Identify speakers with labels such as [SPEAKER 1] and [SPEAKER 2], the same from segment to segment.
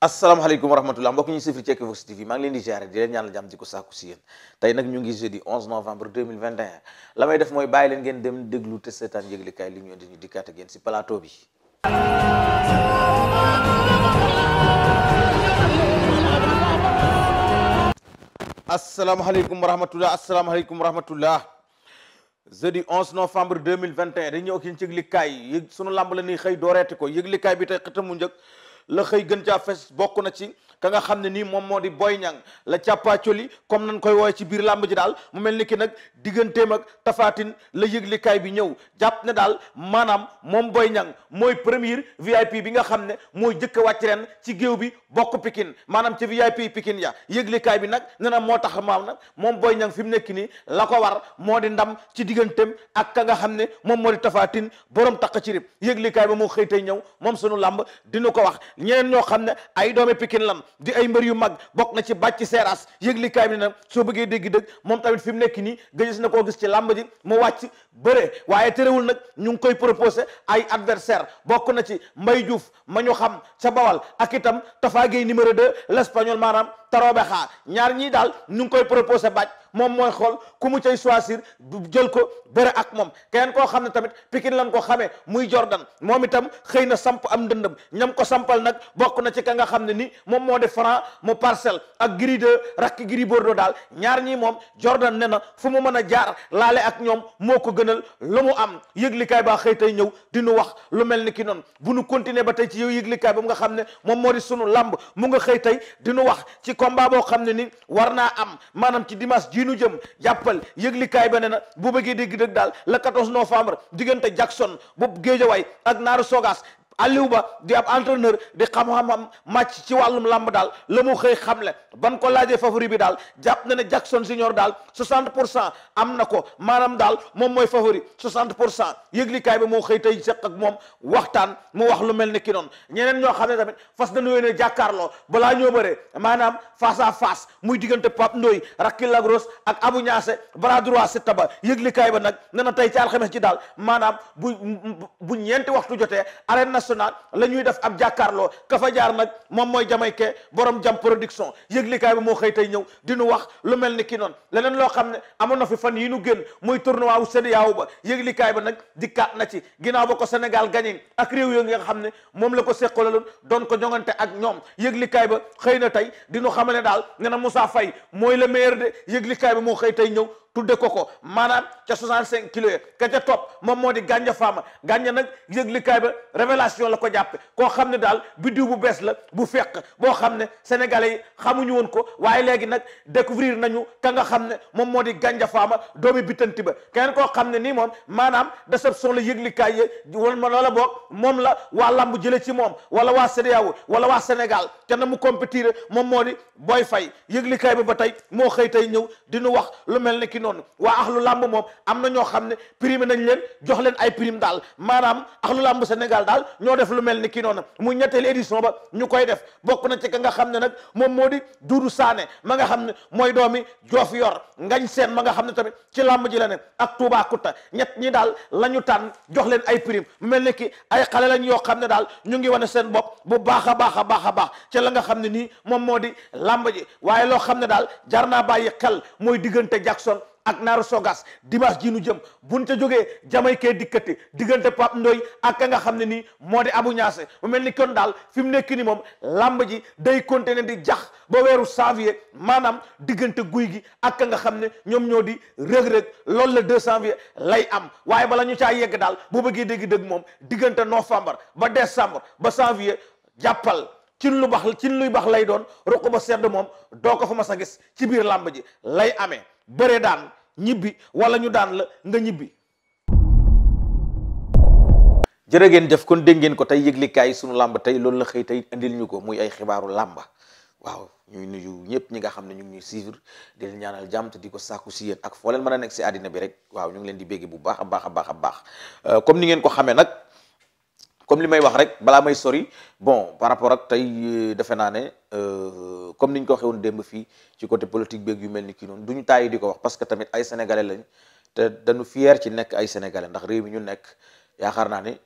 [SPEAKER 1] asalaamaaleykum wa rahmatulah mbokk ñu sifri ci Equivox TV maa tey nag ñu ngi jeudi 11 novembre 2021 la may def mooy bàyyi leen ngeen dem déglu te seetaan yëglekaay li ñu indi ñu dikkaat ak yéen si plateau bi. asalaamaaleykum wa rahmatulah asalaamaaleykum wa rahmatulah jeudi 11 novembre 2021 dañu ñëw ak ci yëglekaay sunu lamb la nii xëy dooreete ko yëglekaay bi tey mu njëkk. la xëy gën caa fes bokk na ci ka nga xam ne nii moom moo di Boy Niang la càppaacoli comme nan koy woowe ci biir làmb ji daal mu mel ni ki nag digganteem ak tafaatin la yëglikaay bi ñëw jàpp ne daal maanaam moom Boy Niang mooy premier VIP bi nga xam ne mooy jëkk a wàcc ren ci géew bi bokk pikin maanaam ci VIP pikin ya yëglikaay bi nag ne moo tax maam nag moom Boy Niang fi mu nekk nii la ko war moo di ndam ci digganteem ak ka nga xam ne moom moo di tafaatin borom taq ci rib yëglikaay moo xëy ñëw moom sunu làmb dinu ko wax ñeneen ñoo xam ne ay doomi Pikine lan di ay mbër yu mag bokk na ci bàcc seeraas yëglikaay bi ne nag soo bëggee dégg dëgg moom tamit fi mu nekk nii gëjës na koo gis ci làmb ji mu wàcc bëre waaye terewul nag ñu ngi koy proposé ay adversaire bokk na ci Mbay Juuf ma ñu xam sa Bawal ak itam Tafa Gueye numéro 2 l' espagnol maanaam Tarobe xaa ñaar ñii daal ñu ngi koy proposé bàcc moom mooy xool ku mu cay choisir jël ko bëre ak moom keneen koo xam ne tamit Pikine lan ko xamee muy Jordan moom itam xëy na samp am ndëndëm ñam ko sampal nag bokk na ci ka nga xam ne ni moom moo def franc mu parcelle ak Gris 2 rakk Gris Bordeaux daal ñaar ñii moom Jordan ne na fu mu mën a jaar laale ak ñoom moo ko gënal lu mu am yëglikaay baa xëy tey ñëw di nu wax lu mel ni ki noonu bu nu continuer ba tey ci yow yëglikaay ba mu nga xam ne moom moo di sunu lamb mu nga xëy tey di nu wax ci combat fii nu jëm jàppal yëglikaay ba ne na bu bëggee dégg dëgg daal le 14 novembre diggante Jackson bu Géejawaay ak Naaru Sogas Aliou Ba di ab entraîneur di xam-xamam màcc ci wàllum làmb daal la mu xëy xamle ban ko laajee favori bi daal jàpp na ne Jackson Junior daal 60 pour cent am na ko maanaam daal moom mooy favori 60 pour cent yëglikaay bi moo xëy tey seq ak moom waxtaan mu wax lu mel ni ki noonu ñeneen ñoo xam ne tamit fas dañu yéene jàkkaarloo balaa ñoo bëree maanaam fas à face muy diggante Pape Ndoye Racky Lagros ak Abou Niasse bras droit si taba yëglikaay ba nag nee na tey ci alxames ci daal maanaam bu bu ñeenti waxtu jotee arène nationale la ñuy def ab jàkkaarloo ka jaar nag moom mooy jamayke boroom jam production yëglikaay bi moo xëy tey ñëw di nu wax lu mel ni ki noonu leneen loo xam ne amoon na fi fan yi nu génn muy tournoi wu CEDEAO ba yëglikaay ba nag dikkaat na ci ginnaaw ba ko Sénégal gagné ak réew yo nga xam ne moom la ko seqalaloon doon ko jongante ak ñoom yëglikaay ba xëy na tey di nu xamale daal ne na Moussa Faye mooy le meilleur de yëglikaay ba moo xëy tey ñëw tudde ko ko maanaam ca 65 kilos ya ka ca topp moom moo di gànja faama gànja nag yëglikaay ba révélation la ko jàppe koo xam ne daal biddiw bu bees la bu fekk boo xam ne sénégalais yi xamuñu woon ko waaye léegi nag découvrir nañu ka nga xam ne moom moo di gànja faama doomi bitanti ba keneen koo xam ne nii moom maanaam déception la yëglikaay ya woon ma loola boog moom la waa lamb jële ci moom wala waa CEDEAO wala waa Sénégal te na mu compétir moom moo di booy fay yëglikaay ba noonu waa axlu làmb moom am na ñoo xam ne prime nañ leen jox leen ay prime daal maanaam axlu làmb Sénégal daal ñoo def lu mel ni kii noonu mu ñetteelu édition ba ñu koy def bokk na ci ka nga xam ne nag moom moo di Doudou Sané ma nga xam ne mooy doomi joof yor ngañ seen ma nga xam ne tamit ci làmb ji la ne ak Toubacouta ñett ñi daal la ñu tànn jox leen ay prime mel ni ki ay xale lañ yoo xam ne daal ñu ngi wane seen bopp bu baax a baax a baax a baax ci la nga xam ne nii moom moo di làmb ji waaye loo xam ne daal jar naa bàyyi xel mooy diggante Jackson ak naaru sogas dimanche ji nu jëm bu buñ ca jógee jamay kee dikkati diggante Pape Ndoy ak ka nga xam ne nii moo di Abu Ñaase mu mel ni kon daal fi mu nekk ni moom lamb ji day continuer di jax ba weeru janvier maanaam diggante guy gi ak ka nga xam ne ñoom ñoo di rëg-rëg loolu la deux janvier lay am waaye bala ñu caa yegg daal boo bëggee dégg-dëgg moom diggante novembre ba décembre ba janvier jàppal cin lu bax cin luy bax lay doon ruq ba sedd moom doo ko fa mas a gis ci biir làmb ji lay amee bëre daan ñibbi wala ñu daan la nga ñibbi. jërë ngeen jëf kon dégg ngeen ko tey yëglikaay sunu làmb tey loolu la xëy tey indil ñu ko muy ay xibaaru làmba waaw ñuy nuyu ñëpp ñi nga xam ne ñu ngi ñuy suivre di leen ñaanal jàmm te di ko sàkku si yéen ak foo leen mën a nekk si àddina bi rek waaw ñu ngi leen di bégge bu baax a baax a baax a baax euh, comme ni ngeen ko xamee nag comme li may wax rek balaa may sori bon par rapport ak tey euh, defe naa ne Euh, comme ni ñu ko waxee woon démb fii ci côté politique beeg yu mel ni kii noonu du ñu tàyyi di ko wax parce que tamit ay sénégalais lañ te dañu fier ci nekk ay sénégalais ndax réew mi ñu nekk yaakaar naa ne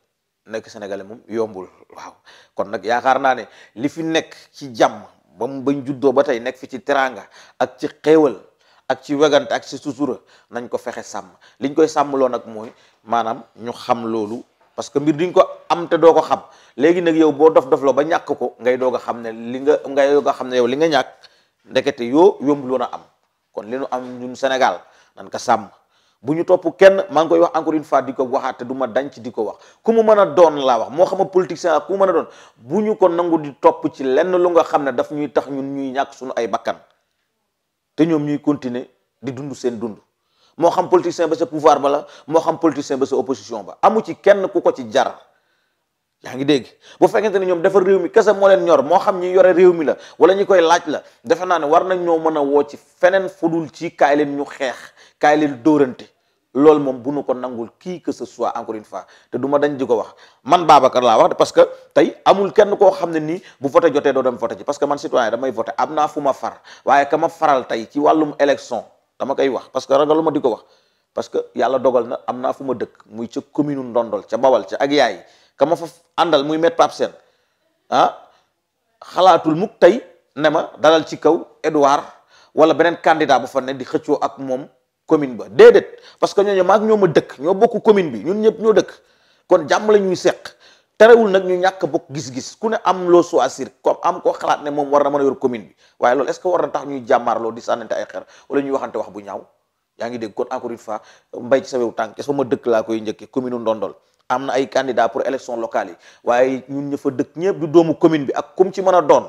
[SPEAKER 1] nekk sénégalais moom yombul waaw kon nag yaakaar naa ne li fi nekk ci jàmm ba mu bañ juddoo ba tey nekk fi ci teraanga ak ci xéewal ak ci wegante ak ci sutura nañ ko fexe sàmm liñ koy sàmmloo nag mooy maanaam ñu xam loolu. parce que mbir diñ ko am te doo ko xam léegi nag yow boo dof dof la ba ñàkk ko ngay doog a xam ne li nga ngay doog a xam ne yow li nga ñàkk ndekete yoo yombul woon a am kon li nu am ñun Sénégal nan ko sàmm bu ñu topp kenn maa ngi koy wax encore une fois di ko waxaat te du ma dañ ci di ko wax ku mu mën a doon laa wax moo xam a politicien ku mu mën a doon bu ñu ko nangu di topp ci lenn lu nga xam ne daf ñuy tax ñun ñuy ñàkk sunu ay bakkan te ñoom ñuy continuer di dund seen dund moo xam politicien ba sa pouvoir ba la moo xam politicien ba sa opposition ba amu ci kenn ku ko ci jar yaa ngi dégg bu fekkente ne ñoom defar réew mi kese moo leen ñor moo xam ñi yore réew mi la wala ñu koy laaj la defe naa ne war nañ ñoo mën a woo ci feneen fudul ci kaay leen ñu xeex kaay leen dóorante loolu moom bu nu ko nangul kii que ce soit encore une fois te du ma dañ di ko wax man Babacar laa wax parce que tey amul kenn koo xam ne nii bu voté jotee doo dem voté ji parce que man citoyen damay voté am naa fu ma far waaye ka ma faral tey ci wàllum élection dama koy wax parce que ragaluma di ko wax parce que yàlla dogal na am naa fu ma dëkk muy ca commune Ndondol ca Bawal ca ak yaay ka ma fa àndal muy met Pape Sène ah xalaatul mukk tey ne ma dalal ci kaw Edouard wala beneen candidat bu fa ne di xëccoo ak moom commune ba déedéet parce que ñooñu ak ñoo ma dëkk ñoo bokk commune bi ñun ñëpp ñoo dëkk kon jàmm la ñuy seq terewul nag ñu ñàkk bokk gis-gis ku ne am loo choisir comme am ko xalaat ne moom war na mën a yor commune bi waaye loolu est-ce que war na tax ñuy jàmmaarloo di sànnante ay xeer wala ñuy waxante wax bu ñaaw yaa ngi dégg kon encore une fois mbay ci sa wew tànk sama dëkk laa koy njëkkee commune ay candidat pour élection locale yi waaye ñun fa dëkk ñëpp doomu commune bi ak kum ci mën a doon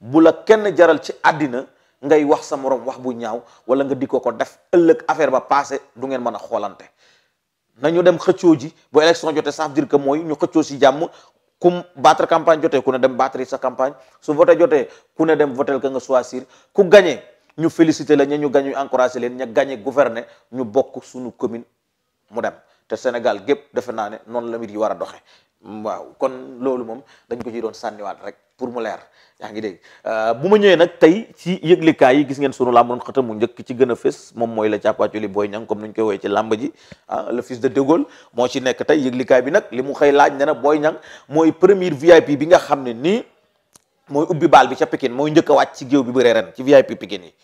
[SPEAKER 1] bu la kenn jaral ci àddina ngay wax sa morom wax bu ñaaw wala nga di ko ko def ëllëg affaire ba passé du ngeen mën a xoolante nañu dem xëccoo ji bu élection jotee ça veut dire que mooy ñu xëccoo si jàmm ku battre campagne jotee ku ne dem battre sa campagne su voté jotee ku ne dem votel ka nga choisir ku gañee ñu félicité la ña ñu gagné encouragé leen ña gagné gouverner ñu bokk suñu commune mu dem te Sénégal gépp defe naa ne noonu la mbir yi war a doxe waaw kon loolu moom dañ ko ci doon sànniwaat rek pour mu leer yaa ngi dégg euh, bu ma ñëwee nag tey ci yëglikaay yi gis ngeen sunu làmb doon xëtam mu njëkk ci gën a fës moom mooy la càppaaculi Boy Niang comme nuñ koy woowee ci làmb ji ah le fils de De moo ci nekk tey yëglikaay bi nag li mu xëy laaj ne na Boy Niang mooy premier VIP bi nga xam ne nii mooy ubbi baal bi ca Pikine mooy njëkk a wàcc ci géew bi bëree ren ci VIP Pikine yi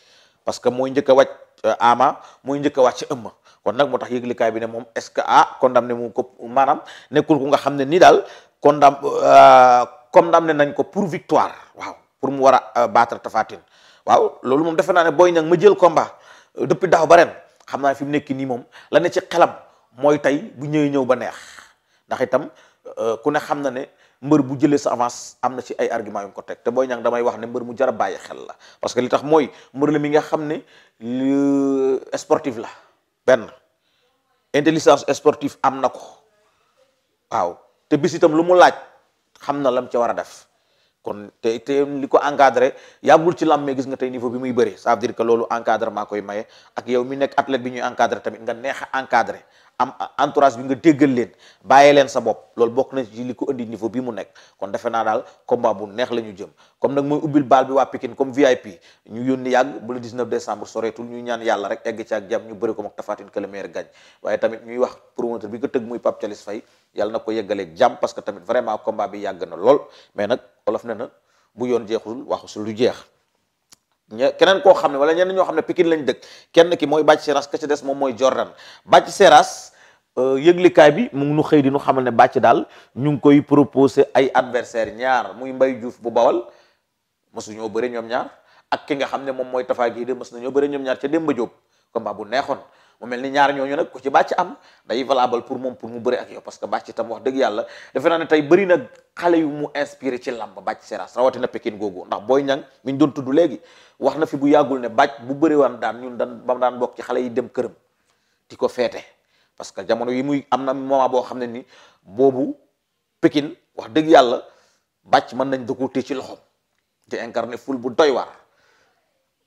[SPEAKER 1] parce que mooy njëkk a wàcc euh, Ama mooy njëkk a wàcc Eumeu kon nag moo tax yëglikaay bi ne moom est-ce que ah condamné mu ko maanaam nekkul ku nga xam ne nii daal kon comme ndam euh, condamné nañ ko pour victoire waaw pour mu war a euh, battre Tapha waaw loolu moom defe naa ne booy Niang ma jël combat euh, depuis daaw ba ren xam naa fi mu nekk nii moom la ne ci xelam mooy tey bu ñëwee ñëw ba neex ndax itam ku ne xam na ne mbër bu jëlee sa avance am na ci ay argument yu ko teg te Boy Niang damay wax ne mbër mu jar bàyyi xel la parce que li tax mooy mbër la mi nga xam ne sportif la. benn intelligence sportive am na ko waaw te bis lu mu laaj xam na lam ci war a def kon te te li ko encadré yàggul ci làmmee gis nga tey niveau bi muy bëree ça veut dire que loolu encadrement koy maye ak yow mi nekk athlète bi ñuy encadré tamit nga neex a encadré am entourage bi nga déggal leen bàyyee leen sa bopp loolu bokk na ci li ko indi niveau bi mu nekk kon defe naa daal combat bu neex la ñu jëm comme nag mooy ubbil baal bi waa Pikine comme VIP ñu yónni yàgg bu le 19 décembre soreetul ñu ñaan yàlla rek egg ci ak jàmm ñu bëri ko mag tafaatin que le meilleur gagne waaye tamit ñuy wax promoteur bi ko na ko yeggaleeg jàmm parce que tamit vraiment combat bi yàgg na lool mais nag wolof ne na bu yoon jeexul waxu su lu jeex keneen koo xam ne wala ñenn ñoo xam ne pikin lañ dëkk kenn ki mooy Bathie Seras ka ci des moom mooy Jordan Bathie Seras euh, yëglikaay bi mu ngi nu xëy di nu xamal ne bàcc daal ñu ngi koy proposé ay adversaire ñaar muy mbay Diouf bu Bawal mosu ñoo bëre ñoom ñaar ak ki nga xam ne moom mooy Tafa de mos nañoo bëre ñoom ñaar ca Demba Diop combat bu neexoon mu mel ni ñaar ñooñu nag ko ci bàcc am day valable pour moom pour mu bari ak yow parce que bàcc tam wax dëgg yàlla defe naa ne tey bëri na xale yu mu inspiré ci làmb bàcc seras rawatina Pekin googu ndax booy Niang mi ñu doon tudd léegi wax na fi bu yàggul ne bàcc bu bëri wan daan ñun daan bam daan bokki ci xale yi dem këram di ko feete parce que jamono yi muy am na moment boo xam ne ni boobu Pekin wax dëgg yàlla bàcc mën nañ dëkku te ci loxom te incarné ful bu doy waar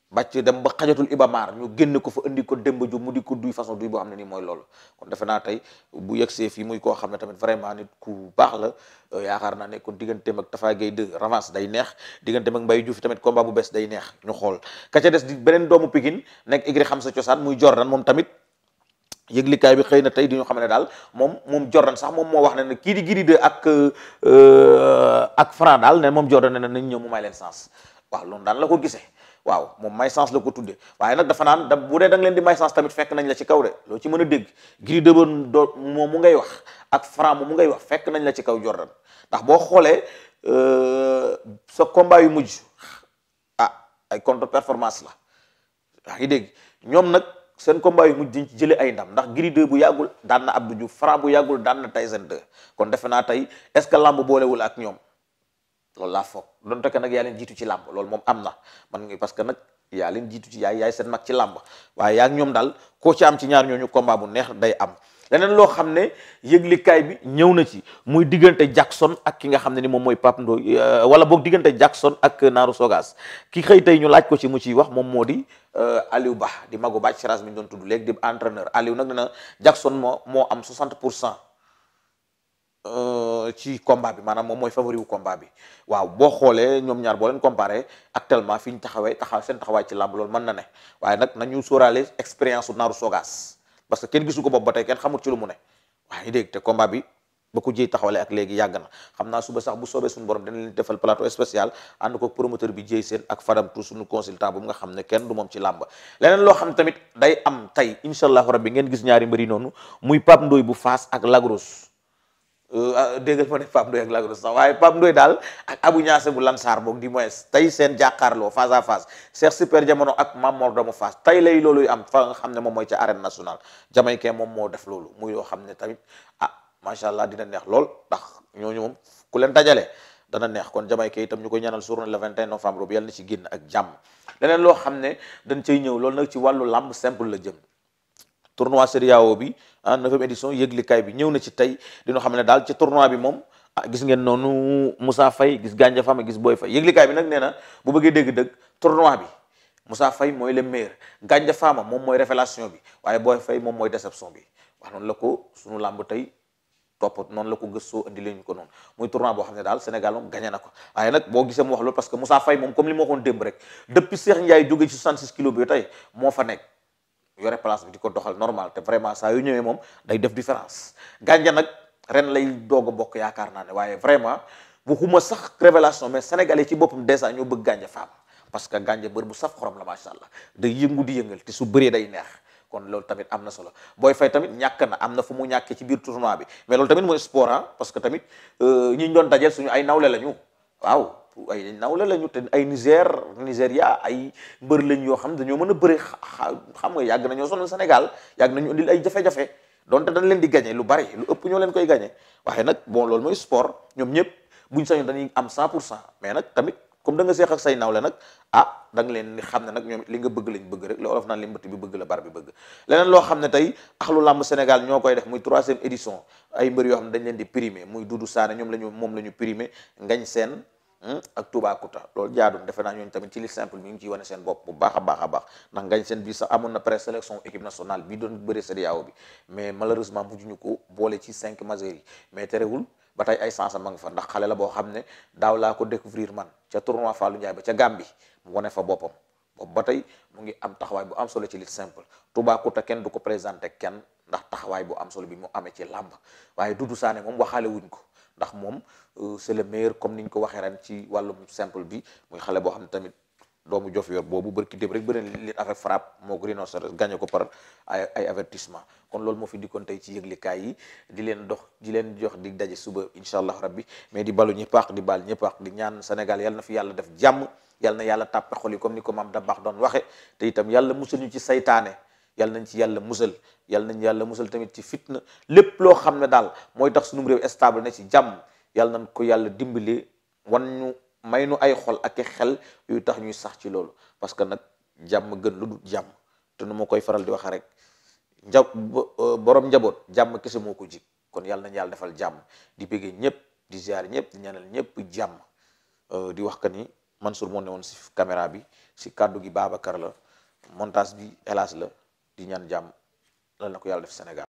[SPEAKER 1] bàcc dem ba xajatul ibamaar ñu génne ko fa indi ko démb mu di ko duy façon duy boo xam ne nii mooy loolu kon defe naa tey bu yegsee fii muy koo xam ne tamit vraiment nit ku baax la euh, yaakaar naa ne kon digganteem ak Tafa Gueye 2 revanche day neex digganteem ak Mbaye Diouf tamit combat bu bees day neex ñu xool ka ca des beneen doomu Pikine nekk igri xam sa cosaan muy Jordan moom tamit yëglikaay bi xëy na tey di ñu xam ne daal moom moom Jordan sax moom moo wax ne ne kii di Gris 2 ak euh, ak Franc daal ne moom Jordan ne nañ ñëw mu may leen sens waaw loolu daan la ko gisee waaw moom maychance la ko tuddee waaye nag dafa naan da bu dee da nga leen di maychance tamit fekk nañ la ci kaw de loo ci mën a dégg Gris de doo moom mu ngay wax ak Franc mu ngay wax fekk nañ la ci kaw Jordan ndax boo xoolee euh, sa combat yu mujj a ah, ay contre performance la yaa ngi dégg ñoom nag seen combat yu mujj dañ ci jële ay ndam ndax Gris bu yàggul daan na Abdou Diouf Franc bu yàggul daan na Tyson 2 kon defe naa tey est-ce que lamb boolewul ak ñoom loolu laa foog donte que nag yaa leen jiitu ci làmb lool moom am na man nga parce que nag yaa leen jiitu ci yaay yaay seen mag ci làmb waaye yaa ak ñoom daal koo ci am ci ñaar ñooñu combat bu neex day am leneen loo xam ne yëglikaay bi ñëw na ci muy diggante Jackson ak ki nga xam ne ni moom mooy papandoo Ndoye euh, wala boog diggante Jackson ak Naaru Sogas ki xëy tey ñu laaj ko ci mu ciy wax moom moo di euh, Aliou Ba di magu bàcc Seras mi ñu doon tudd léegi di entraîneur Aliou nag nee na Jackson moo moo am 60 pour cent Euh, ci combat bi maanaam moom mooy favori wu combat bi waaw boo xoolee ñoom ñaar boo leen comparé actuellement fi ñu taxawee taxaw seen taxawaay ci làmb loolu mën na ne waaye nag nañu sóoraale expérience u naaru sogaas parce que kenn gisu ko bopp ba tey kenn xamul ci lu mu ne waaye dégg te combat bi ba ko jiy taxawale ak léegi yàgg na xam naa suba sax bu soobee suñu borom dana leen defal plateau spécial ànd ko promoteur bi jiy seen ak Fadam tout suñu consultant bu nga xam ne kenn du moom ci làmb leneen loo xam tamit day am tey incha allahu rabbi ngeen gis ñaari mbëri noonu muy Pape Ndoye bu Fass ak Lagros Euh, ah, dégg nga ma ne Pape Ndoye ak Lac Rose sax waaye Pape Ndoye daal ak Abu Ñaase bu Lansar boog di moins tey seen jàkkaarloo face à face Cheikh Super Jamono ak Mame Mor Doomu Fass tey lay looluy am fa nga xam ne moom mooy ca arène nationale jamaïcain moom moo def loolu muy yoo xam ne tamit ah macha allah dina neex lool ndax ñooñu moom ku leen dajale dana neex kon jamaïcain itam ñu koy ñaanal journée le 21 novembre bi yàlla na ci génn ak jàmm leneen loo xam ne dañ cay ñëw loolu nag ci wàllu làmb simple la jëm tournoi Serie bi ah neuvième édition yëglikaay bi ñëw na ci tey dina xam ne daal ci tournoi bi moom ah gis ngeen noonu Moussa Faye gis Ganja Fama gis Boy Faye yëglikaay bi nag nee na bu bëggee dégg-dëgg tournoi bi Moussa Faye mooy le meilleur Ganja Fama moom mooy révélation bi waaye Boy Faye moom mooy déception bi wax noonu la ko sunu làmb tey topp noonu la ko gëstoo andi leen ko noonu muy tournoi boo xam ne daal Sénégal moom gagné na ko waaye nag boo gisee mu wax loolu parce que Moussa Faye moom comme li ma waxoon démb rek depuis Cheikh Ndiaye jógee ci 66 kilos bi tey moo fa nekk. yore place bi di ko doxal normal te vraiment saa yu ñëwee moom day def différence gànja nag ren lay doog a bokk yaakaar naa ne waaye vraiment waxuma sax révélation mais sénégalais ci boppam dèjà ñoo bëgg gànja faam parce que gànja bër bu saf xorom la macha allah day yëngu di yëngal te su bëree day neex kon loolu tamit am na solo booy fay tamit ñàkk na am na fu mu ñàkkee ci biir tournoi bi mais loolu tamit mooy sport ah, parce que tamit euh, ñi ñu doon dajeel suñu ay nawle la ñu waaw ay nawla lañu te ay Niger Nigeria ay mbër lañ yoo xam ne dañoo mën a bëri xam nga yàgg nañoo solo Sénégal yàgg nañu indil ay jafe-jafe donte dañ leen di gagné lu bari lu ëpp ñoo leen koy gañe waaye nag bon loolu mooy sport ñoom ñëpp buñ sañoon dañuy am 100 pour mais nag tamit comme da nga seex ak say nawle nag ah da nga leen xam ne nag ñoom li nga bëgg lañ bëgg rek la olof naan bi bëgg la bar bi bëgg leneen loo xam ne tey axlu làmb Sénégal ñoo koy def muy troisième édition ay mbër yoo xam ne dañ leen di primé muy Doudou Sané ñoom la ñu moom la ñu primé ngañ seen ak Toubacouta loolu jaadul defe naa ñooñ tamit ci li simple mi ngi ciy wane seen bopp bu baax a baax a baax ndax ngañ seen bi sax amoon na présélection équipe nationale bi doon bëre CEDEAO bi mais malheureusement mujjuñu ko boole ci cinq majeurs yi mais terewul ba tey ay sens a nga fa ndax xale la boo xam ne daaw laa ko découvrir man ca tournoi Fallou Ndiaye ba ca Gambie mu wane fa boppam boobu ba tey mu ngi am taxawaay bu am solo ci li simple Toubacouta kenn du ko présenté kenn ndax taxawaay bu am solo bi mu amee ci làmb waaye Doudou Sané moom waxaale ko ndax moom euh, c'est le meilleur comme ni ñu ko waxee ren ci wàllum simple bi muy xale boo xam ne tamit doomu jof yor boobu bërki déb rek beneen lit avec frappe moo ko rhinocéros gagné ko par ay ay kon loolu moo fi dikkoon tey ci yëglikaay yi di leen dox di leen jox di daje suba incha allah rabbi mais di balu ñëpp di bal ñëpp ak di ñaan Sénégal yal na fi yàlla def jàmm yal na yàlla tàppe xol yi comme ni ko maam da baax doon waxe te itam yàlla musul ñu ci saytaane yàlla nañ ci yàlla musal yàlla nañ yàlla musal tamit ci fitna lépp loo xam ne daal mooy tax sunum réew stable ne ci jàmm yàlla nañ ko yàlla dimbali wan ñu may nu ay xol ak i xel yuy tax ñuy sax ci loolu parce que nag jàmm gën lu dul jàmm te nu ma koy faral di waxee rek nja euh, borom njaboot jàmm kese moo ko jig kon yàlla nañ yàlla defal jàmm di bëggee ñëpp di ziare ñëpp di ñaanal ñëpp jàmm euh, di wax que ni Mansour moo ne woon si caméra bi ci kàddu gi Babacar montage bi hélas la di ñaan jàmm lan na ko yàlla def Sénégal